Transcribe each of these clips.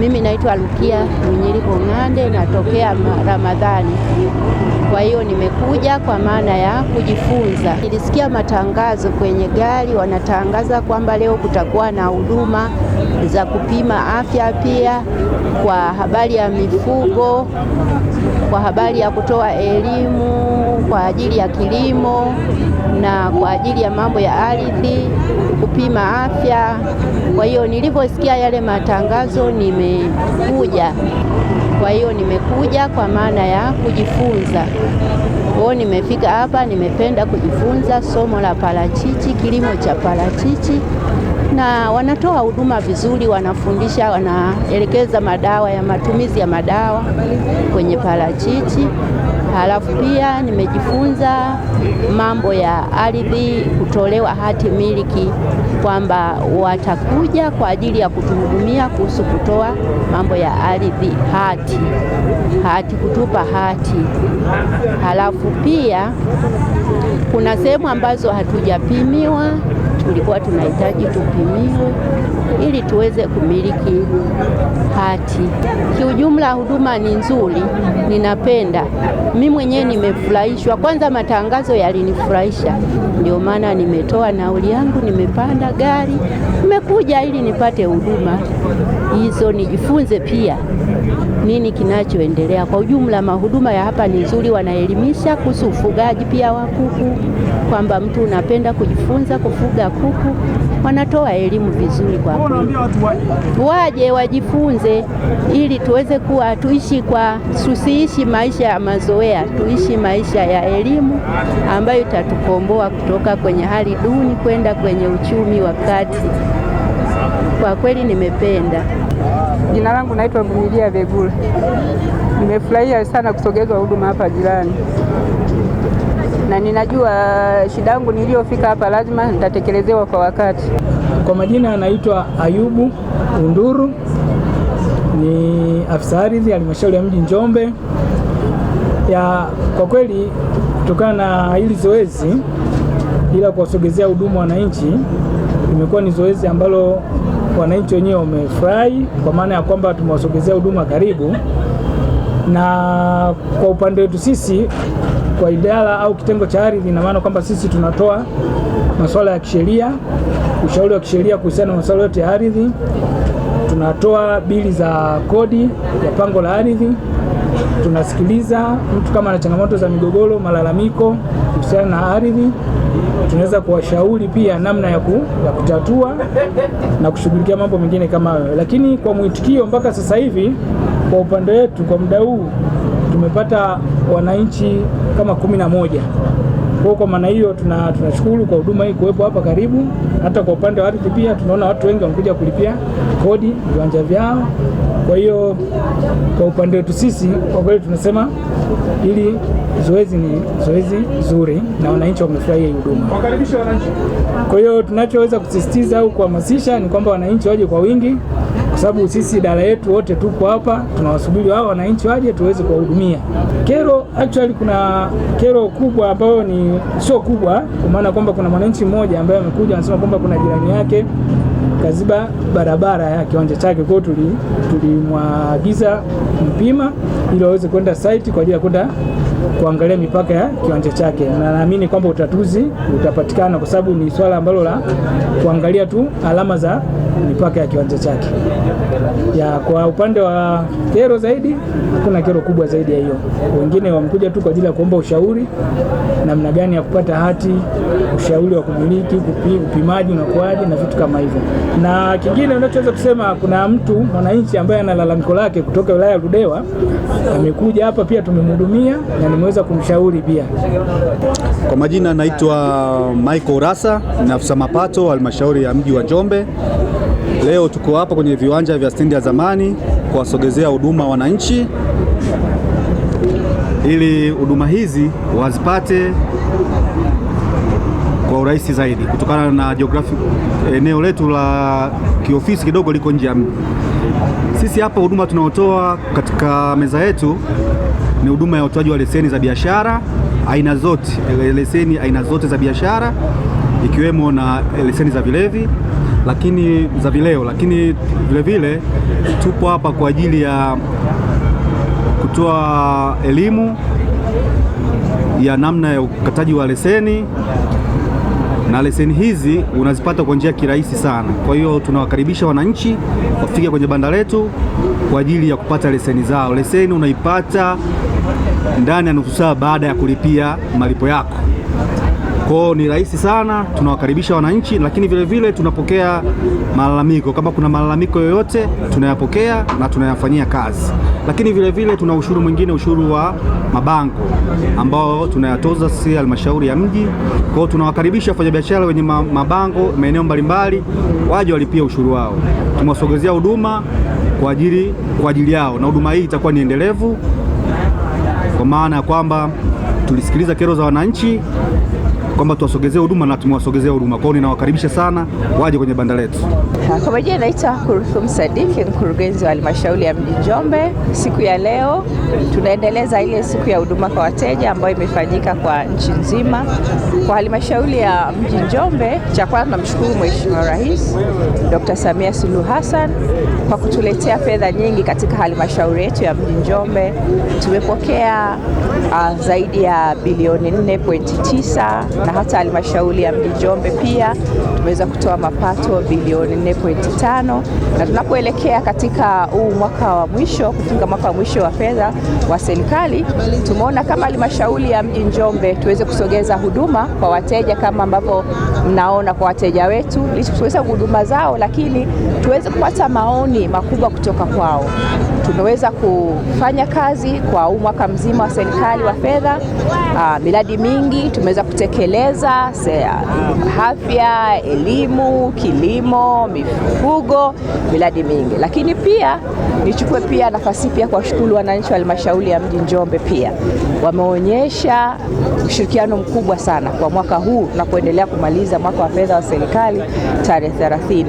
Mimi naitwa Lukia Mwinyili Kongande, natokea Ramadhani. Kwa hiyo nimekuja kwa maana ya kujifunza. Nilisikia matangazo kwenye gari, wanatangaza kwamba leo kutakuwa na huduma za kupima afya pia kwa habari ya mifugo kwa habari ya kutoa elimu kwa ajili ya kilimo na kwa ajili ya mambo ya ardhi, kupima afya. Kwa hiyo nilivyosikia yale matangazo nimekuja. Kwa hiyo nimekuja kwa maana ya kujifunza. Kwao nimefika hapa, nimependa kujifunza somo la parachichi, kilimo cha parachichi na wanatoa huduma vizuri, wanafundisha, wanaelekeza madawa ya matumizi ya madawa kwenye parachichi. Halafu pia nimejifunza mambo ya ardhi, kutolewa hati miliki, kwamba watakuja kwa ajili ya kutuhudumia kuhusu kutoa mambo ya ardhi, hati hati, kutupa hati. Halafu pia kuna sehemu ambazo hatujapimiwa tulikuwa tunahitaji tupimiwe ili tuweze kumiliki hati. Kiujumla, huduma ni nzuri, ninapenda mimi mwenyewe, nimefurahishwa. Kwanza matangazo yalinifurahisha, ndio maana nimetoa nauli yangu, nimepanda gari, nimekuja ili nipate huduma hizo, nijifunze pia nini kinachoendelea. Kwa ujumla, mahuduma ya hapa ni nzuri, wanaelimisha kuhusu ufugaji pia wa kuku, kwamba mtu unapenda kujifunza kufuga kuku, wanatoa elimu vizuri kwa Waje wajifunze, ili tuweze kuwa tuishi kwa, tusiishi maisha ya mazoea, tuishi maisha ya elimu ambayo itatukomboa kutoka kwenye hali duni kwenda kwenye uchumi wa kati kwa kweli nimependa. Jina langu naitwa Vumilia Begula. Nimefurahia sana kusogezwa huduma hapa jirani, na ninajua shida yangu niliyofika hapa lazima nitatekelezewa kwa wakati. Kwa majina anaitwa Ayubu Unduru, ni afisa ardhi halmashauri ya mji Njombe. Ya kwa kweli kutokana na hili zoezi ila kuwasogezea huduma wananchi imekuwa ni zoezi ambalo wananchi wenyewe wamefurahi kwa maana ya kwamba tumewasogezea huduma karibu, na kwa upande wetu sisi kwa idara au kitengo cha ardhi, ina maana kwamba sisi tunatoa masuala ya kisheria, ushauri wa kisheria kuhusiana na masuala yote ya ardhi. Tunatoa bili za kodi ya pango la ardhi, tunasikiliza mtu kama ana changamoto za migogoro, malalamiko kuhusiana na ardhi tunaweza kuwashauri pia namna ya, ku, ya kutatua na kushughulikia mambo mengine kama hayo. Lakini kwa mwitikio mpaka sasa hivi kwa upande wetu kwa muda huu tumepata wananchi kama kumi na moja. Kwa kwa maana hiyo tunashukuru tuna kwa huduma hii kuwepo hapa karibu. Hata kwa upande wa ardhi pia tunaona watu wengi wamekuja kulipia kodi viwanja vyao. Kwa hiyo kwa upande wetu sisi kwa kweli tunasema ili zoezi ni zoezi zuri na wananchi wamefurahia huduma. Kwa hiyo tunachoweza kusisitiza au kuhamasisha ni kwamba wananchi waje kwa wingi, kwa sababu sisi idara yetu wote tupo hapa, tunawasubiri hao wananchi waje tuweze kuwahudumia. Kero actually, kuna kero kubwa ambayo ni sio kubwa, kwa maana kwamba kuna mwananchi mmoja ambaye amekuja anasema kwamba kuna jirani yake kaziba barabara ya kiwanja chake. Kwa tuli tulimwagiza mpima ili waweze kwenda site kwa ajili ya kwenda kuangalia mipaka ya kiwanja chake, na naamini kwamba utatuzi utapatikana, kwa sababu ni swala ambalo la kuangalia tu alama za mipaka ya kiwanja chake ya kwa upande wa kero zaidi, hakuna kero kubwa zaidi ya hiyo. Wengine wamekuja tu kwa ajili ya kuomba ushauri namna gani ya kupata hati, ushauri wa kumiliki, upimaji unakuaje na vitu kama hivyo. Na kingine unachoweza kusema, kuna mtu mwananchi ambaye ana lalamiko lake kutoka wilaya ya Ludewa amekuja hapa, pia tumemhudumia na nimeweza kumshauri pia. Kwa majina naitwa Michael Rasa, ni afisa mapato halmashauri ya mji wa Njombe. Leo tuko hapa kwenye viwanja vya stendi ya zamani kuwasogezea huduma wananchi, ili huduma hizi wazipate kwa urahisi zaidi, kutokana na jiografia. Eneo letu la kiofisi kidogo liko nje ya mji. Sisi hapa huduma tunaotoa katika meza yetu ni huduma ya utoaji wa leseni za biashara aina zote, leseni aina zote za biashara ikiwemo na leseni za vilevi lakini za vileo, lakini vilevile tupo hapa kwa ajili ya kutoa elimu ya namna ya ukataji wa leseni na leseni hizi unazipata kwa njia kirahisi sana. Kwa hiyo tunawakaribisha wananchi wafike kwenye banda letu kwa ajili ya kupata leseni zao. Leseni unaipata ndani ya nusu saa baada ya kulipia malipo yako. Kwao ni rahisi sana, tunawakaribisha wananchi, lakini vilevile vile tunapokea malalamiko. Kama kuna malalamiko yoyote, tunayapokea na tunayafanyia kazi, lakini vilevile vile tuna ushuru mwingine, ushuru wa mabango ambao tunayatoza sisi halmashauri ya mji. Kwao tunawakaribisha wafanyabiashara wenye mabango maeneo mbalimbali, waje walipia ushuru wao, tumewasogezea huduma kwa ajili kwa ajili yao, na huduma hii itakuwa ni endelevu, kwa maana ya kwamba tulisikiliza kero za wananchi kwamba tuwasogezee huduma na tumewasogezea huduma kwao. Ninawakaribisha sana waje kwenye banda letu. Kwa majina naitwa Kurthum Sadiki, mkurugenzi wa halmashauri ya mji Njombe. Siku ya leo tunaendeleza ile siku ya huduma kwa wateja ambayo imefanyika kwa nchi nzima kwa halmashauri ya mji Njombe. Cha kwanza namshukuru Mheshimiwa Rais Dr. Samia Suluhu Hassan kwa kutuletea fedha nyingi katika halmashauri yetu ya mji Njombe. Tumepokea uh, zaidi ya bilioni 4.9 na hata halmashauri ya mji Njombe pia tumeweza kutoa mapato bilioni 4.5, na tunapoelekea katika huu mwaka wa mwisho kufunga mwaka wa mwisho wa fedha wa serikali, tumeona kama halmashauri ya mji Njombe tuweze kusogeza huduma kwa wateja kama ambavyo mnaona kwa wateja wetu, ili huduma zao, lakini tuweze kupata maoni makubwa kutoka kwao tumeweza kufanya kazi kwa mwaka mzima wa serikali wa fedha. Uh, miradi mingi tumeweza kutekeleza sea, afya, elimu, kilimo, mifugo, miradi mingi. Lakini pia nichukue pia nafasi pia kuwashukuru wananchi wa halmashauri ya mji Njombe, pia wameonyesha ushirikiano mkubwa sana kwa mwaka huu na kuendelea kumaliza mwaka wa fedha wa serikali tarehe 30.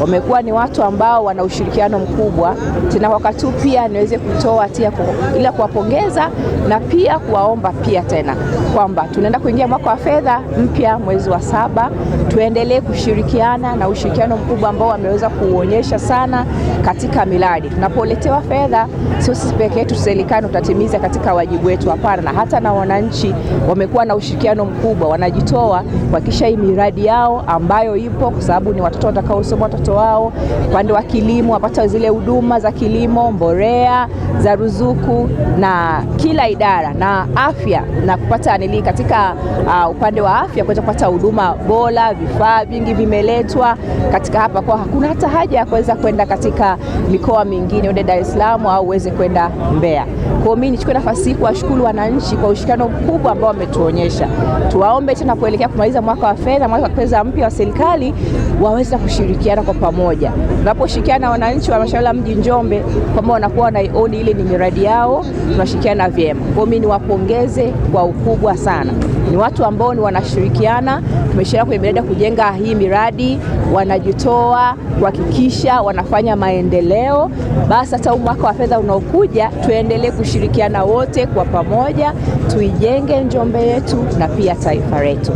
Wamekuwa ni watu ambao wana ushirikiano mkubwa tena wakati pia niweze kutoa tia ila kuwapongeza na pia kuwaomba pia tena kwamba tunaenda kuingia mwaka wa fedha mpya mwezi wa saba, tuendelee kushirikiana na ushirikiano mkubwa ambao wameweza kuuonyesha sana katika miradi. Tunapoletewa fedha, sio sisi peke yetu serikali tutatimiza katika wajibu wetu, hapana, na hata na wananchi wamekuwa na ushirikiano mkubwa, wanajitoa kuhakikisha hii miradi yao ambayo ipo, kwa sababu ni watoto watakaosoma watoto wao, upande wa kilimo wapata zile huduma za kilimo, mborea za ruzuku na kila idara na afya na kupata anili katika uh, upande wa afya kuweza kupata huduma bora. Vifaa vingi vimeletwa katika hapa, kwa hakuna hata haja ya kuweza kwenda katika mikoa mingine, uende Dar es Salaam au uweze kwenda Mbeya. Kwa mimi nichukue nafasi hii kuwashukuru wananchi kwa ushirikiano mkubwa ambao wametuonyesha. Tuwaombe tena kuelekea kumaliza kumaliza mwaka wa fedha, mwaka wa fedha mpya wa serikali, waweza kushirikiana kwa pamoja. Unaposhirikiana na wananchi wa halmashauri ya mji Njombe kwamba wanakuwa wanaiona ile ni miradi yao, tunashirikiana vyema. Kwa mimi niwapongeze kwa ukubwa sana, ni watu ambao ni wanashirikiana, tumeshirikiana kwenye miradi ya kujenga hii miradi, wanajitoa kuhakikisha wanafanya maendeleo. Basi hata mwaka wa fedha unaokuja tuendelee kushirikiana wote kwa pamoja, tuijenge Njombe yetu na pia taifa letu.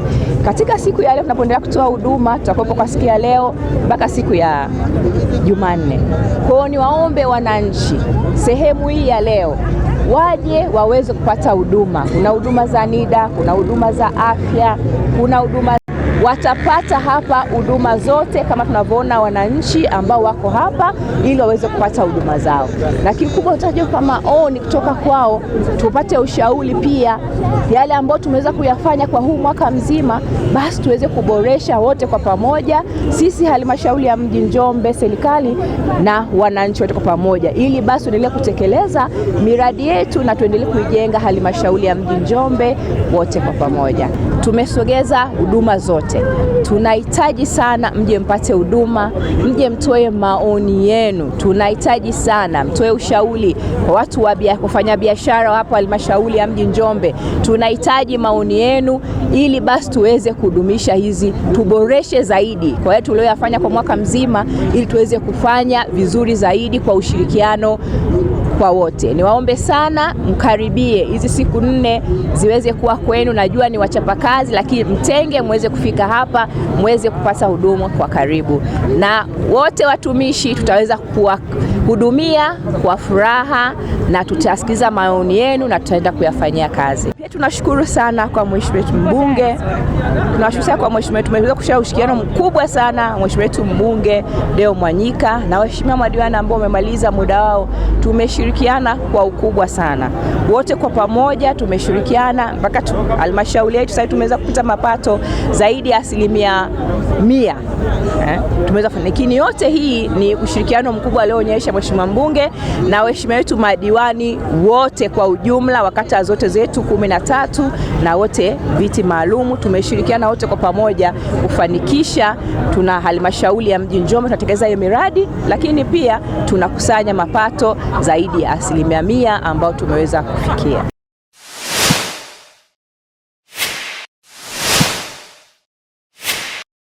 Katika siku ya leo tunapoendelea kutoa huduma tutakuwepo kwa siku ya leo mpaka siku ya Jumanne. Kwa hiyo niwaombe wananchi sehemu hii ya leo waje waweze kupata huduma. Kuna huduma za NIDA, kuna huduma za afya, kuna huduma watapata hapa huduma zote kama tunavyoona wananchi ambao wako hapa, ili waweze kupata huduma zao, na kikubwa tutajua kwa oh, maoni kutoka kwao, tupate ushauri pia, yale ambayo tumeweza kuyafanya kwa huu mwaka mzima, basi tuweze kuboresha wote kwa pamoja, sisi halmashauri ya mji Njombe, serikali na wananchi wote kwa pamoja, ili basi tuendelee kutekeleza miradi yetu na tuendelee kuijenga halmashauri ya mji Njombe wote kwa pamoja tumesogeza huduma zote. Tunahitaji sana mje mpate huduma, mje mtoe maoni yenu. Tunahitaji sana mtoe ushauri kwa watu wa wafanyabiashara hapo halmashauri ya mji Njombe. Tunahitaji maoni yenu ili basi tuweze kudumisha hizi, tuboreshe zaidi kwa yetu tuliyoyafanya kwa mwaka mzima, ili tuweze kufanya vizuri zaidi kwa ushirikiano kwa wote. Niwaombe sana mkaribie hizi siku nne ziweze kuwa kwenu. Najua ni wachapakazi, lakini mtenge mweze kufika hapa mweze kupata huduma kwa karibu, na wote watumishi tutaweza kuwahudumia kwa furaha na tutasikiza maoni yenu na tutaenda kuyafanyia kazi tunashukuru sana kwa mheshimiwa wetu mbunge, tunashukuru sana kwa mheshimiwa wetu. Tumeweza kushia ushirikiano mkubwa sana mheshimiwa wetu mbunge Deo Mwanyika na waheshimiwa madiwani ambao wamemaliza muda wao, tumeshirikiana kwa ukubwa sana wote kwa pamoja, tumeshirikiana mpaka halmashauri yetu sasa tumeweza kupata mapato zaidi ya asilimia mia eh, tumeweza kufanya. Lakini yote hii ni ushirikiano mkubwa alioonyesha mheshimiwa mbunge na waheshimiwa wetu madiwani wote kwa ujumla wa kata zote zetu kumi na tatu na wote viti maalum, tumeshirikiana wote kwa pamoja kufanikisha. Tuna halmashauri ya mji Njombe tunatekeleza hiyo miradi, lakini pia tunakusanya mapato zaidi ya asilimia mia ambayo tumeweza kufikia.